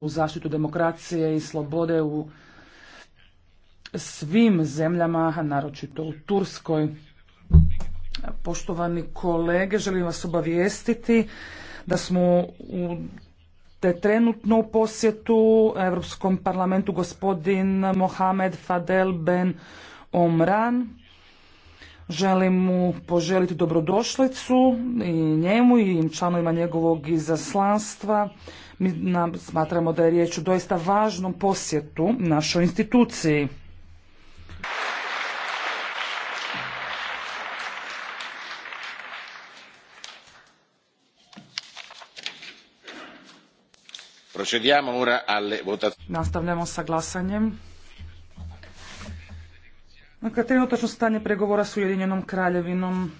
u zaštitu demokracije i slobode u svim zemljama, naročito u Turskoj. Poštovani kolege, želim vas obavijestiti da smo u te trenutno u posjetu Europskom parlamentu gospodin Mohamed Fadel Ben Omran, Želim mu poželiti dobrodošlicu i njemu i članovima njegovog izaslanstva. Mi smatramo da je riječ o doista važnom posjetu našoj instituciji. Procediamo Nastavljamo sa glasanjem. Dakle, trenutačno stanje pregovora s Ujedinjenom kraljevinom.